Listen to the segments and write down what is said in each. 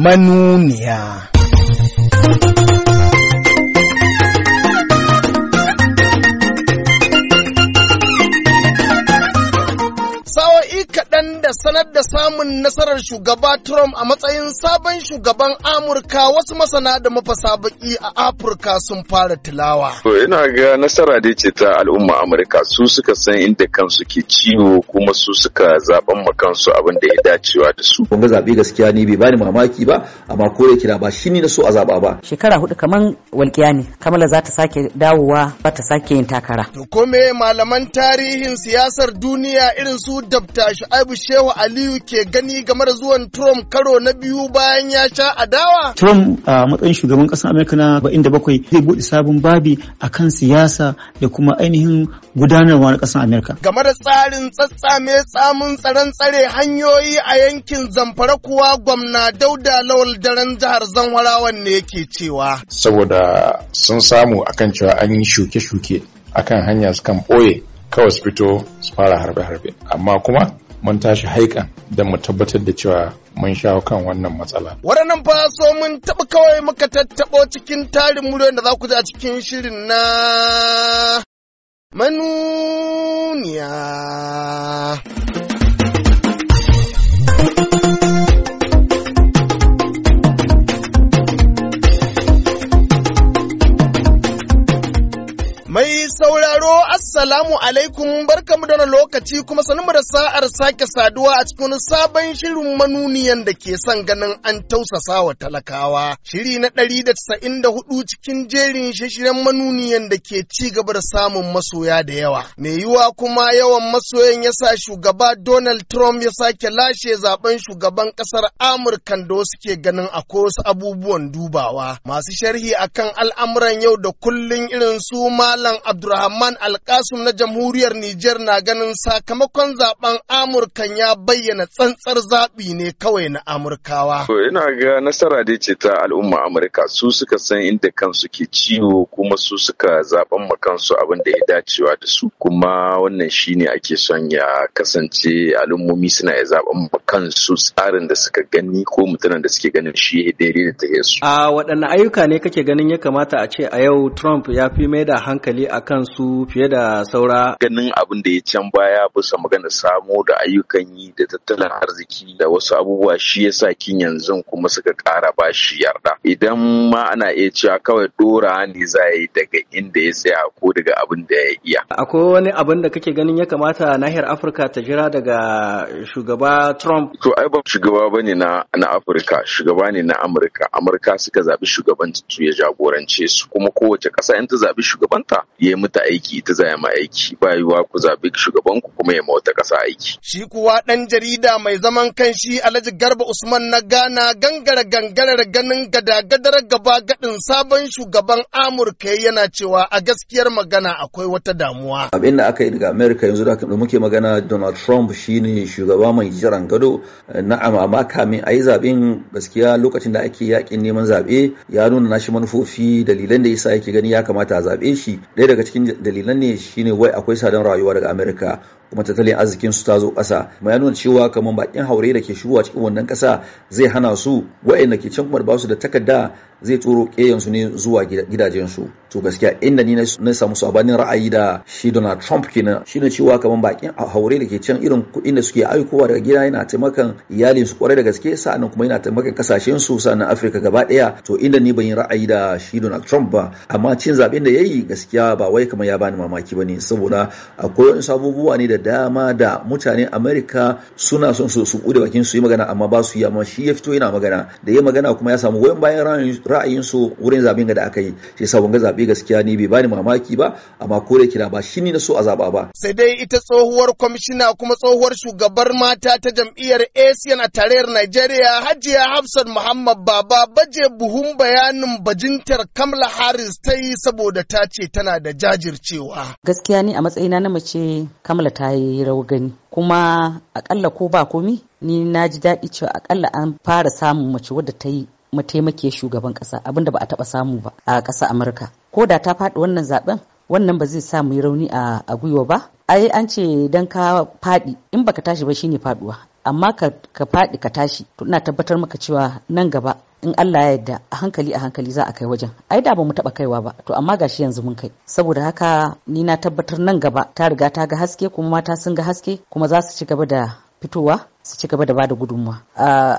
manuniya. sanar da samun nasarar shugaba Trump a matsayin sabon shugaban Amurka wasu masana da mafasa baki a Afirka sun fara tilawa. To ina ga nasara dai ce ta al'umma Amurka su suka san inda kansu ke ciwo kuma su suka zaben ma abin da ya dacewa da su. Kun ga zabe gaskiya ni bai bani mamaki ba amma ko da kira ba shi ne na so a zaba ba. Shekara hudu kaman walƙiya ne Kamala za ta sake dawowa ba ta sake yin takara. To kome malaman tarihin siyasar duniya irin su Dabta Shu'aibu Shehu Aliyu ke gani game da zuwan Trump karo na biyu bayan ya sha adawa? Trump a matsayin shugaban ƙasar Amurka na bakwai zai buɗe sabon babi a kan siyasa da kuma ainihin gudanarwa na ƙasar Amurka. Game da tsarin mai tsamin tsaron tsare hanyoyi a yankin Zamfara kuwa gwamna Dauda Lawal daren jihar Zanwarawan ne yake cewa. Saboda sun samu akan cewa an yi shuke-shuke akan hanya sukan ɓoye kawai su fito su fara harbe-harbe amma kuma mun tashi haikan da mu tabbatar da cewa mun shawo kan wannan matsala. Waɗannan fa so mun taɓa kawai muka tattaɓo cikin tarin muryoyin da za ku ji a cikin shirin na manuniya. Assalamu alaikum barkamu da lokaci kuma sanmu da sa'ar sake saduwa a cikin sabon shirin manuniyan da ke son ganin an tausasa wa talakawa. Shiri na ɗari da da hudu cikin jerin shashiren manuniyan da ke ci gaba da samun masoya da yawa. Me yiwuwa kuma yawan masoyan ya sa shugaba Donald Trump ya sake lashe zaben shugaban ƙasar amurka da wasu ke ganin akwai wasu abubuwan dubawa. Masu sharhi akan al'amuran yau da kullun irin su Malam Abdulrahman Alkas Kasum na jamhuriyar Nijar na ganin sakamakon zaben Amurkan ya bayyana tsantsar zaɓi ne kawai na Amurkawa. Ina ga nasara dai ce ta al'umma Amurka su suka san inda kansu ke ciwo kuma su suka zaben kansu abin da ya dacewa da su kuma wannan shine ake son ya kasance al'ummomi suna ya zaben kansu tsarin da suka gani ko mutanen da suke ganin shi daidai da take su. A waɗanne ayyuka ne kake ganin ya kamata a ce a yau Trump ya fi mai da hankali a kansu fiye da saura ganin abin da ya can baya bisa magana samo da ayyukan yi da tattalin arziki da wasu abubuwa shi yasa kin yanzu kuma suka kara ba shi yarda idan ma ana iya cewa kawai dora ne za yi daga inda ya tsaya ko daga abin da ya iya akwai wani abin da kake ganin ya kamata nahiyar afirka ta jira daga shugaba trump to ai ba shugaba ne na na afirka shugaba ne na amurka amurka suka zaɓi shugaban su ya jagorance su kuma kowace ƙasa in ta zaɓi shugabanta ya yi mata aiki ta zaya ma aiki ba yiwuwa ku zaɓi shugaban ku kuma ya wata kasa aiki. Shi kuwa ɗan jarida mai zaman kanshi Alhaji Garba Usman na Ghana gangara gangarar ganin gadagadar gaba gadin sabon shugaban Amurka yana cewa a gaskiyar magana akwai wata damuwa. Abin da aka yi daga Amerika yanzu da muke magana Donald Trump shine shugaba mai jiran gado na amma kamin ayi yi zaɓen gaskiya lokacin da ake yakin neman zaɓe ya nuna nashi manufofi dalilan da yasa yake gani ya kamata a zaɓe shi ɗaya daga cikin dalilan ne shi shine wai akwai tsadar rayuwa daga Amerika kuma tattalin arzikin su ta zo ƙasa kuma ya nuna cewa kamar bakin haure da ke shigowa cikin wannan ƙasa zai hana su wa'inda ke can kuma ba su da takarda zai tsoro ƙeyansu ne zuwa gidajensu to gaskiya inda ni na samu sabanin ra'ayi da shi Donald Trump kenan shine cewa kamar bakin haure da ke can irin kuɗin da suke aikowa daga gida yana taimakan iyalin su kwarai da gaske sa'annan kuma yana taimakan kasashen su sa'annan Afirka gaba ɗaya to inda ni ban yi ra'ayi da shi Donald Trump ba amma cin zaɓen da ya yi gaskiya ba wai kamar ya bani mamaki ba ne saboda akwai wasu abubuwa ne da dama da mutane Amerika suna son su su bude bakin su yi magana amma ba su yi amma shi ya fito yana magana da ya magana kuma ya samu wayan bayan ra'ayin su wurin zaben da aka yi shi yasa wanga zabe gaskiya ni bai bani mamaki ba amma ko da kira ba shi ne na so a zaba ba sai dai ita tsohuwar kwamishina kuma tsohuwar shugabar mata ta jam'iyyar asian a tarayyar Najeriya Hajiya Hafsat Muhammad Baba baje buhun bayanin bajintar Kamala Harris ta yi saboda ta ce tana da jajircewa gaskiya ni a matsayina na mace Kamala ta ta yi gani kuma akalla ko ba komi ni na ji daɗi cewa akalla an fara samun mace wadda ta yi mataimake shugaban ƙasa abinda ba a taɓa samu ba a ƙasa amurka ko da ta faɗi wannan zaben wannan ba zai sa mu yi rauni a gwiwa ba ai an ce don ka faɗi in baka tashi ba shine faɗuwa amma ka faɗi ka tashi to ina tabbatar maka cewa nan gaba in Allah ya yarda a hankali a hankali za a kai wajen ai da ba mu taba kaiwa ba to amma gashi yanzu mun kai saboda haka ni na tabbatar nan gaba ta riga ta ga haske kuma mata sun ga haske kuma za su ci gaba da fitowa su ci gaba da bada gudunmuwa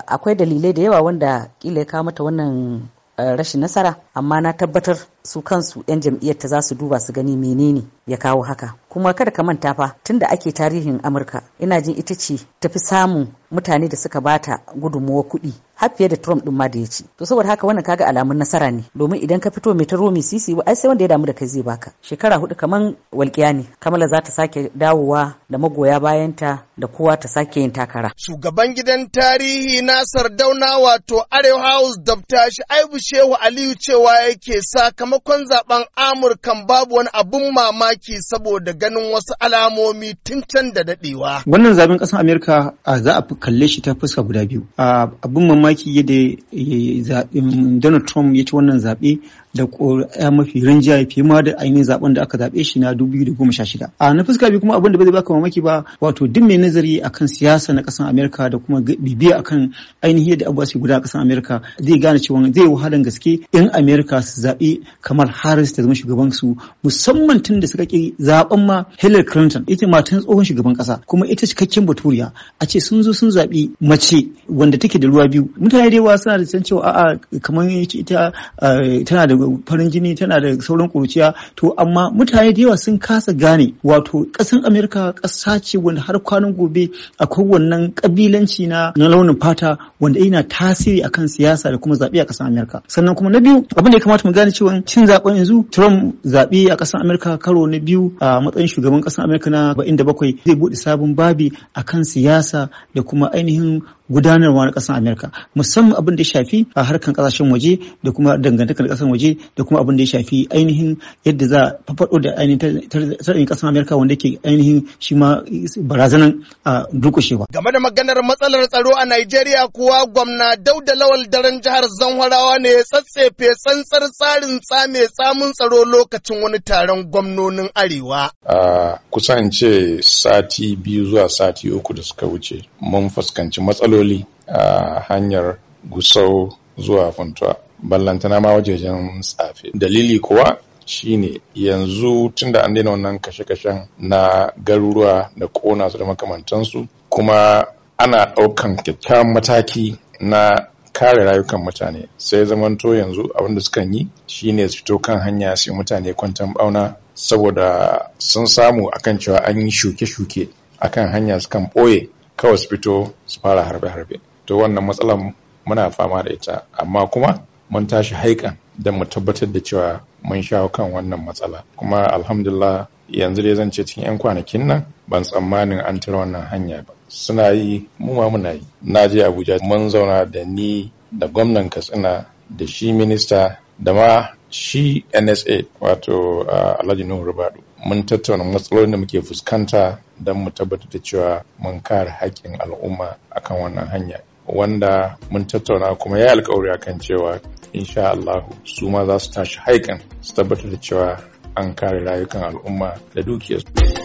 akwai dalilai da yawa wanda kila ya kawo mata wannan eh, rashin nasara amma na tabbatar su kansu 'yan jam'iyyar ta za su duba su gani menene ya kawo haka kuma kada ka manta fa tunda ake tarihin amurka ina jin ita ce tafi samun mutane da suka bata gudunmuwa kuɗi har fiye da Trump ɗin ma da ya ci. To saboda haka wannan kaga alamun nasara ne domin idan ka fito mai taro mai sisi ai sai wanda ya damu da kai zai baka. Shekara hudu kaman walƙiya ne. Kamala za ta sake dawowa da magoya bayanta da kowa ta sake yin takara. Shugaban gidan tarihi Nasar Dauna wato Arewa House Dr. aibu Shehu Aliyu cewa yake sa sakamakon zaben Amurkan babu wani abun mamaki saboda ganin wasu alamomi tun can da dadewa. Wannan zaben ƙasar Amerika za a kalle shi ta fuska guda biyu. Abun mamaki yadda eh, Donald Trump ya ci wannan zaɓe da ƙuri'a mafi rinjaye fiye ma da ainihin zaben da aka zaɓe shi na 2016 a na fuska biyu kuma abin da ba baka mamaki ba wato duk mai nazari akan siyasa na ƙasar Amerika da kuma bibiya akan ainihin yadda abubuwa su guda a ƙasar Amerika zai gane cewa zai wahalan gaske in Amerika su zaɓe kamar Harris ta zama shugaban su musamman tun da suka ƙi zaben ma Hillary Clinton ita matan tsohon shugaban ƙasa kuma ita cikakken baturiya a ce sun zo sun zaɓi mace wanda take da ruwa biyu mutane da yawa suna da san cewa a'a kamar ita eh, tana da farin jini tana da sauran kuruciya to amma mutane da yawa sun kasa gane wato ƙasan Amerika ƙasa ce wanda har kwanan gobe akwai wannan kabilanci na Na launin fata wanda yana tasiri akan siyasa da kuma zaɓe a kasan Amerika sannan kuma na biyu abin da ya kamata mu gane cewa cin zaɓen yanzu Trump zaɓe a kasan Amerika karo na biyu a matsayin shugaban kasan Amerika na bakwai zai buɗe sabon babi akan siyasa da kuma ainihin gudanarwa na ƙasar Amerika musamman abin da ya shafi a harkan ƙasashen waje da kuma dangantakar ƙasar waje da kuma abin da ya shafi ainihin yadda za a faɗo da ainihin tattalin ƙasar Amerika wanda ke ainihin shi ma barazanan a durƙushewa. Game da maganar matsalar tsaro a Najeriya kuwa gwamna Dauda Lawal daren jihar Zanwarawa ne ya tsatsefe tsantsar tsarin tsame samun tsaro lokacin wani taron gwamnonin Arewa. A kusan ce sati biyu zuwa sati uku da suka wuce mun fuskanci matsalolin matsaloli a hanyar gusau zuwa funtuwa ballantana ma wajejen tsafe dalili kuwa shine yanzu tunda an daina wannan kashe-kashen na garuruwa da kona su da makamantansu kuma ana ɗaukan kyakkyawan mataki na kare rayukan mutane sai zamanto yanzu abinda sukan yi shine su fito kan hanya su mutane kwantan bauna saboda sun samu akan cewa an yi shuke-shuke akan hanya sukan ɓoye kawai su fito su fara harbe-harbe to wannan matsalar muna fama da ita amma kuma mun tashi haikan don mu tabbatar da cewa mun shawo kan wannan matsala kuma alhamdulillah yanzu dai zan ce cikin 'yan kwanakin nan ban tsammanin an tura wannan hanya ba suna yi mu ma muna yi na je abuja mun zauna da ni da gwamnan katsina da shi minista da ma shi nsa wato ah, alhaji nuhu rubadu mun tattauna matsalolin da muke fuskanta don mu tabbatar da cewa mun kare haƙƙin al'umma akan wannan hanya wanda mun tattauna kuma ya yi alkawari akan cewa insha Allah su ma za su tashi haikan su tabbatar da cewa an kare rayukan al'umma da dukiyarsu.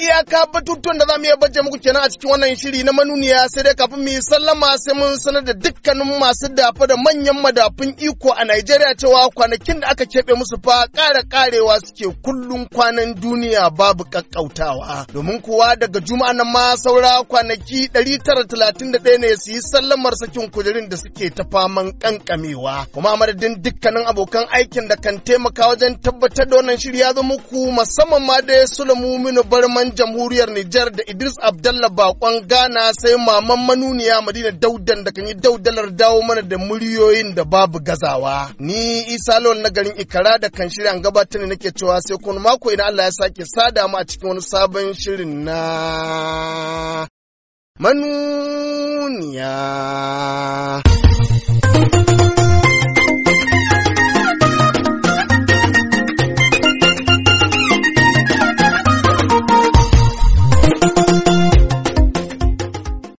iya iyaka batutuwan da za mu iya baje muku kenan a cikin wannan shiri na manuniya sai dai kafin mu yi sallama sai mun sanar da dukkanin masu dafa da manyan madafun iko a Najeriya cewa kwanakin da aka keɓe musu fa ƙara ƙarewa suke kullum kwanan duniya babu ƙaƙƙautawa. Domin kuwa daga juma'a nan ma saura kwanaki 931 ne su yi sallamar sakin kujerin da suke ta faman ƙanƙamewa. Kuma madadin dukkanin abokan aikin da kan taimaka wajen tabbatar da wannan shiri ya zo muku musamman ma dai Sulaimu Minu Barman shugaban jamhuriyar Nijar da Idris Abdallah Bakon Ghana sai maman manuniya Madina Daudan da kan yi daudalar dawo mana da muryoyin da babu gazawa. Ni Isa Lawal na garin Ikara da kan shirya gabatar ne nake cewa sai kun mako idan Allah ya sake sada mu a cikin wani sabon shirin na manuniya.